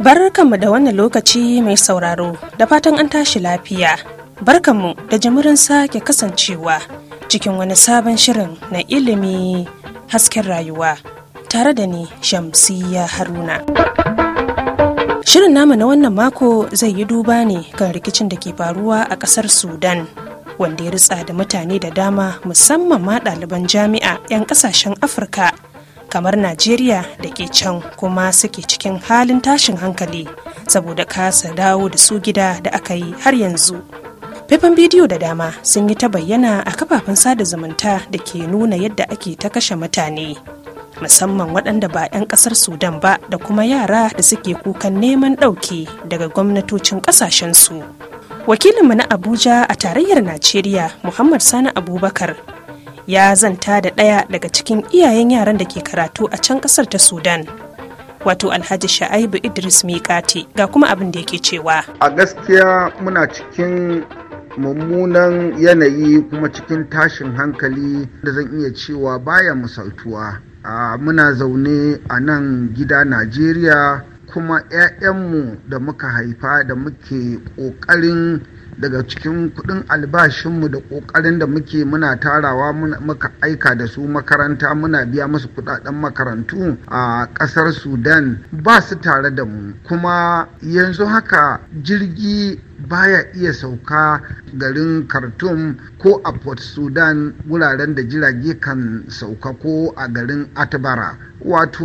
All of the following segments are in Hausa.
Barkanmu da wannan lokaci mai sauraro da fatan an tashi lafiya. Barkanmu da jimirin sake kasancewa cikin wani sabon shirin na ilimi hasken rayuwa tare da ni Shamsiyya Haruna. Shirin namu na wannan mako zai yi duba ne kan rikicin da ke faruwa a ƙasar Sudan. wanda ya ritsa da mutane da dama musamman ma ɗaliban jami'a 'yan ƙasashen afirka kamar najeriya da ke can kuma suke cikin halin tashin hankali saboda kasa dawo da su gida da aka yi har yanzu faifan bidiyo da dama sun yi ta bayyana a kafafen sada zumunta da ke nuna yadda ake ta kashe mutane musamman waɗanda ba 'yan ƙasar sudan ba da kuma yara da suke kukan neman ɗauki daga gwamnatocin ƙasashensu wakilinmu na abuja a tarayyar najeriya muhammad sani abubakar ya zanta da ɗaya daga cikin iyayen yaran da ke karatu a can ƙasar ta sudan wato alhaji sha'aibu idris miƙati ga kuma abin da yake cewa a gaskiya muna cikin mummunan yanayi kuma cikin tashin hankali da zan iya cewa baya misaltuwa muna zaune a nan gida najeriya kuma 'ya'yanmu da muka haifa da muke ƙoƙarin daga cikin kuɗin albashinmu da ƙoƙarin da muke muna tarawa muka aika da su makaranta muna biya musu kuɗaɗen makarantu a ƙasar sudan ba su tare da mu kuma yanzu haka jirgi baya iya sauka garin khartoum ko a port sudan wuraren da jirage kan sauka ko a garin atbara wato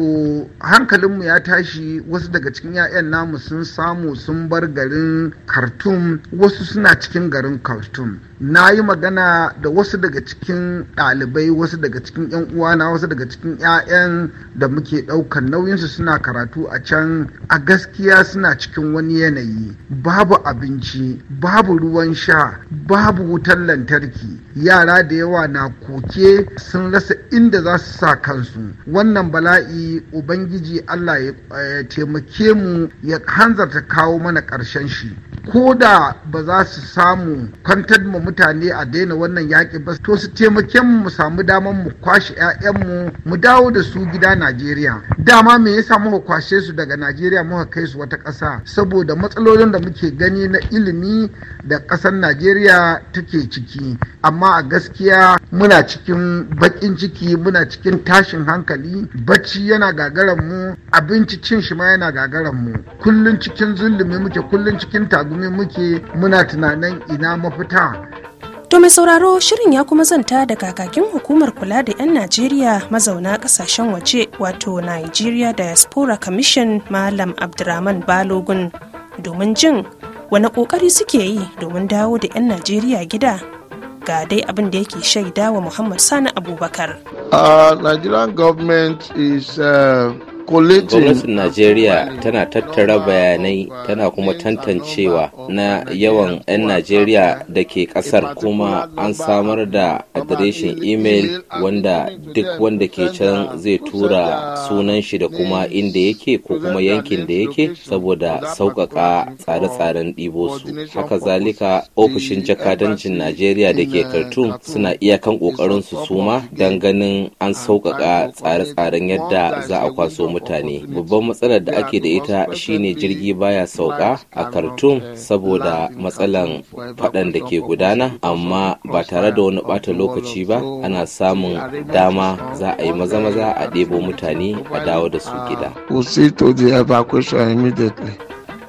hankalinmu ya tashi wasu daga cikin 'ya'yan namu sun samu sun bar garin khartoum wasu suna cikin garin khartoum na yi magana da wasu daga cikin ɗalibai wasu daga cikin 'yan uwana wasu daga cikin 'ya'yan da muke ɗaukar nauyinsu suna karatu a can a gaskiya suna cikin wani yanayi babu abinci babu ruwan sha babu wutar lantarki yara da yawa na koke sun rasa inda za su sa kansu wannan bala'i ubangiji allah ya eh, taimake mu ya hanzarta kawo mana ƙarshen shi ko da ba za su samu kwantar ma mutane a daina wannan yaƙi ba to su taimake mu mu samu damar mu kwashe 'ya'yanmu mu dawo da su gida najeriya dama me yasa muka kwashe su daga najeriya muka kai su wata ƙasa saboda matsalolin da muke gani na ilimi da ƙasar najeriya take ciki amma jama'a gaskiya muna cikin baƙin ciki muna cikin tashin hankali bacci yana gagaran mu abinci cin shi ma yana gagaran mu Kullum cikin zulumi muke kullun cikin tagumi muke muna tunanin ina mafita To mai sauraro shirin ya kuma zanta da kakakin hukumar kula da 'yan Najeriya mazauna kasashen waje wato Nigeria Diaspora Commission Malam Abdurrahman Balogun domin jin wani ƙoƙari suke yi domin dawo da 'yan Najeriya gida ga dai abin da yake shaida wa Muhammad Sani Abubakar. Uh, Nigerian government is uh... Gwamnatin Najeriya tana tattara bayanai tana kuma tantancewa na yawan 'yan Najeriya da ke ƙasar kuma an samar da adireshin imel wanda duk wanda ke can zai tura sunan shi da kuma inda yake ko kuma yankin da yake saboda sauƙaƙa tsare-tsaren ɗibo su. Haka zalika ofishin jakadancin Najeriya da ke Khartoum suna iyakan ƙoƙarin su suma don ganin an sauƙaƙa tsare-tsaren yadda za a kwaso mutane babban matsalar da ake da ita shine jirgi baya sauka a khartoum saboda matsalan faɗan da ke gudana amma ba tare da wani bata lokaci ba ana samun dama za a yi maza-maza a ɗebo mutane a dawo da su gida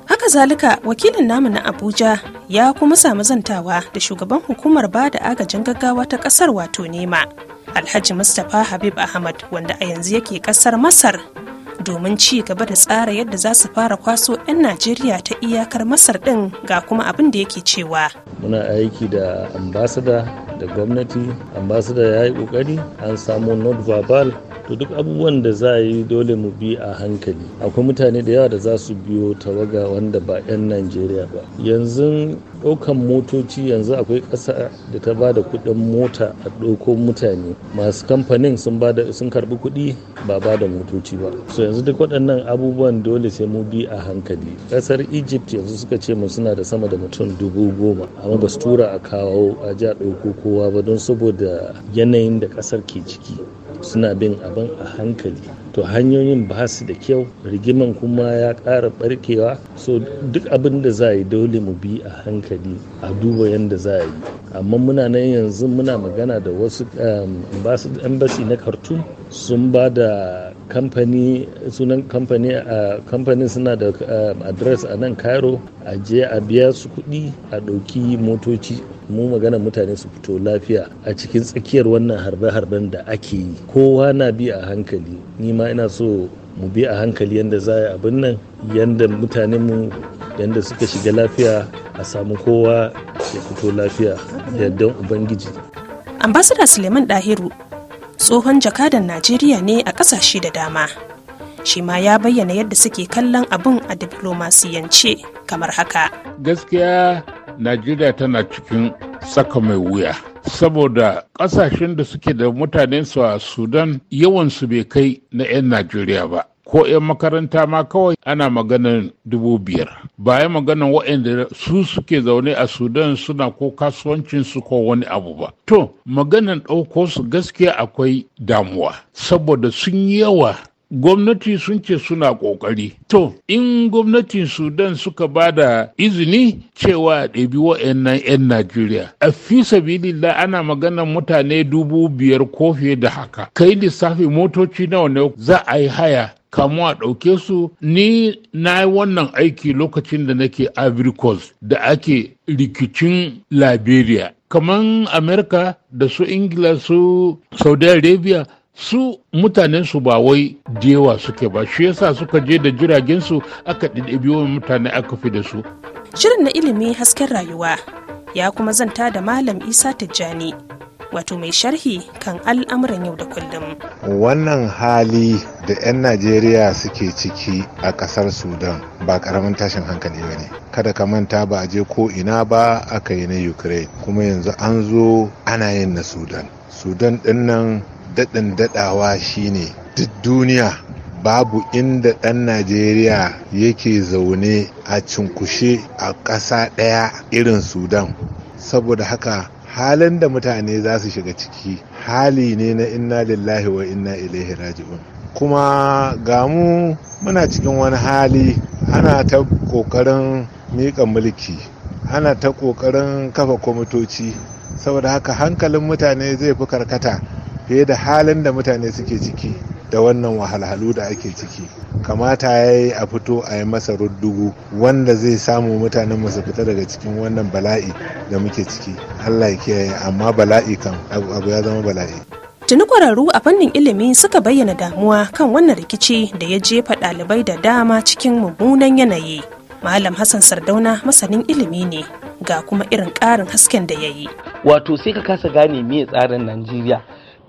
haka zalika wakilin namu na abuja ya kuma samu zantawa da shugaban hukumar ba da agajin gaggawa ta kasar wato nema alhaji mustapha habib ahmad wanda a yanzu yake kasar masar domin ci gaba da tsara yadda za su fara kwaso 'yan najeriya ta iyakar masar din ga kuma abin da yake cewa muna aiki da ambasada da gwamnati ambasada ya yi kokari an samu not verbal to duk abubuwan da za a yi dole mu bi a hankali akwai mutane da yawa da za su biyo tawaga wanda ba 'yan najeriya ba yanzu ɗaukan motoci yanzu akwai ƙasa da ta ba da kuɗin mota a ɗauko mutane masu kamfanin sun sun karɓi kuɗi ba ba da motoci ba so yanzu duk waɗannan abubuwan dole sai mu bi a hankali ƙasar egypt yanzu suka ce mu suna da sama da mutum dubu goma amma ba su tura a kawo a ja ɗauko kowa ba don saboda yanayin da ƙasar ke ciki suna bin abin a hankali to hanyoyin ba su da kyau rigiman kuma ya ƙara barkewa so duk abin da za a yi dole mu bi a hankali a duba yadda za a yi amma muna nan yanzu muna magana da wasu um, ambasi na khartoum sun ba da kamfani sunan kamfani a kamfanin suna da adres a nan cairo a je a biya su kuɗi a ɗauki motoci mu magana mutane su fito lafiya a cikin tsakiyar wannan harbe-harben da ake yi kowa na bi a hankali ni ma ina so mu bi a hankali yadda za a abin nan yadda mutanenmu yadda suka shiga lafiya a samu kowa ya fito lafiya yadda ubangiji ambasada suleiman dahiru tsohon jakadan najeriya ne a ƙasashe da dama shi ma ya bayyana yadda suke kallon abun a diplomasiyance kamar haka gaskiya najeriya tana cikin saka mai wuya saboda ƙasashen da suke da mutanensu a sudan yawansu bai kai na 'yan najeriya ba ko 'yan makaranta ma kawai ana maganan dubu biyar bayan maganan waɗanda su suke zaune a sudan suna ko kasuwancinsu ko wani abu ba to maganan ɗauko su gaskiya akwai damuwa saboda sun yi yawa gwamnati sun ce suna ƙoƙari. To, in gwamnatin Sudan suka ba da izini cewa ɗabi wa'annan 'yan Najeriya. A fi sabilillah ana maganar mutane dubu biyar ko fiye da haka. Kai lissafi motoci nawa ne za a yi haya kamuwa a ɗauke su ni na yi wannan aiki lokacin da nake ivory coast da ake rikicin liberia kaman america da su ingila su saudi arabia su mutanen su ba wai jewa suke ba shi yasa suka je da jiragen su aka wani mutane aka fi da su shirin na ilimi hasken rayuwa ya kuma zanta da malam isa tijjani wato mai sharhi kan al'amuran yau da kullum. Wannan hali da 'yan Najeriya suke ciki a ƙasar Sudan ba ƙaramin tashin hankali ba ne. Kada ka manta ba a je ko ina ba aka yi na Ukraine kuma yanzu an zo ana yin na Sudan. Sudan ɗin nan daɗin daɗawa shine duk duniya babu inda ɗan najeriya yake zaune a cunkushe a ƙasa ɗaya irin sudan saboda haka halin da mutane za su shiga ciki hali ne na inna lillahi wa inna ilaihi raji'un kuma ga mu muna cikin wani hali ana ta kokarin miƙa mulki ana ta kokarin kafa kwamitoci saboda haka hankalin mutane zai fi karkata fiye da halin da mutane suke ciki da wannan wahalhalu da ake ciki kamata ya yi a fito a yi masa ruddugu wanda zai samu mutanen masu fita daga cikin wannan bala'i da muke ciki allah ya kiyaye amma bala'i kan abu ya zama bala'i tuni kwararru a fannin ilimi suka bayyana damuwa kan wannan rikici da ya jefa ɗalibai da dama cikin mummunan yanayi malam hassan sardauna masanin ilimi ne ga kuma irin ƙarin hasken da ya yi wato sai ka kasa gane me tsarin najeriya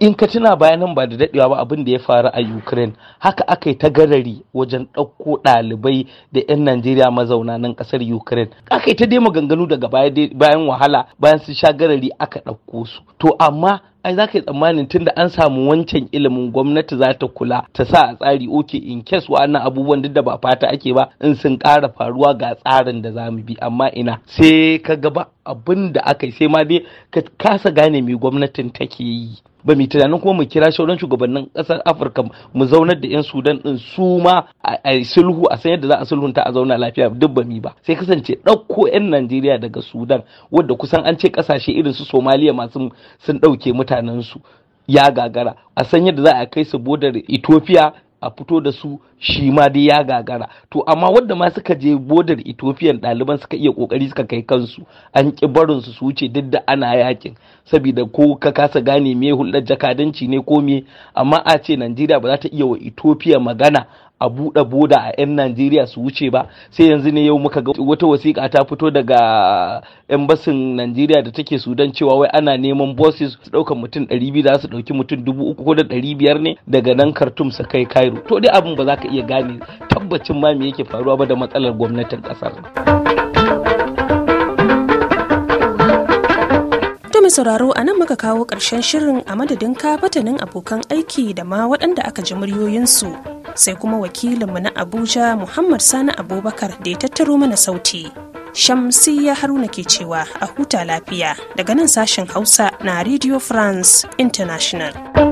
in ka tuna bayanan ba da dadewa ba abin da ya faru a ukraine haka aka yi tagarari wajen ɗauko ɗalibai da 'yan najeriya mazauna nan ƙasar ukraine aka yi ta dai maganganu daga bayan wahala bayan sun sha garari aka ɗauko su to amma ai za ka yi tsammanin tunda an samu wancan ilimin gwamnati za ta kula ta sa a tsari oke in kes wa'annan abubuwan duk da ba fata ake ba in sun ƙara faruwa ga tsarin da za mu bi amma ina sai ka gaba abin da aka yi sai ma dai ka kasa gane mai gwamnatin take yi ba mai tunanin kuma mu kira shauran shugabannin kasar afirka mu zaunar da yan sudan din su ma a sulhu a san yadda za a sulhunta a zauna lafiya duk ba mi ba sai kasance ɗauko yan najeriya daga sudan wadda kusan an ce kasashe irin su somaliya masu sun ɗauke mutane mutanensu ya gagara a san yadda za a kai su bodar ethiopia a fito da su shi ma dai ya gagara to amma wadda ma suka je bodar ethiopian ɗaliban suka iya kokari suka kai kansu an ki barin su su wuce duk da ana yakin saboda ko ka kasa gane me hulɗar jakadanci ne ko me amma a ce najeriya ba za ta iya wa ethiopia magana a buɗe boda a 'yan Najeriya su wuce ba sai yanzu ne yau muka ga wata wasiƙa ta fito daga embassin Najeriya da take Sudan cewa wai ana neman bosses su ɗaukar mutum 200 za su ɗauki mutum 300 ko da 500 ne daga nan Khartoum su kai Cairo to dai abin ba za ka iya gane tabbacin ma me yake faruwa ba da matsalar gwamnatin ƙasar. mai sauraro a nan muka kawo ƙarshen shirin a madadin ka fatanin abokan aiki da ma waɗanda aka ji muryoyinsu sai kuma wakilinmu na abuja muhammad sani abubakar da ya tattaro mana sauti shamsiya haruna ke cewa a huta lafiya daga nan sashen hausa na radio france international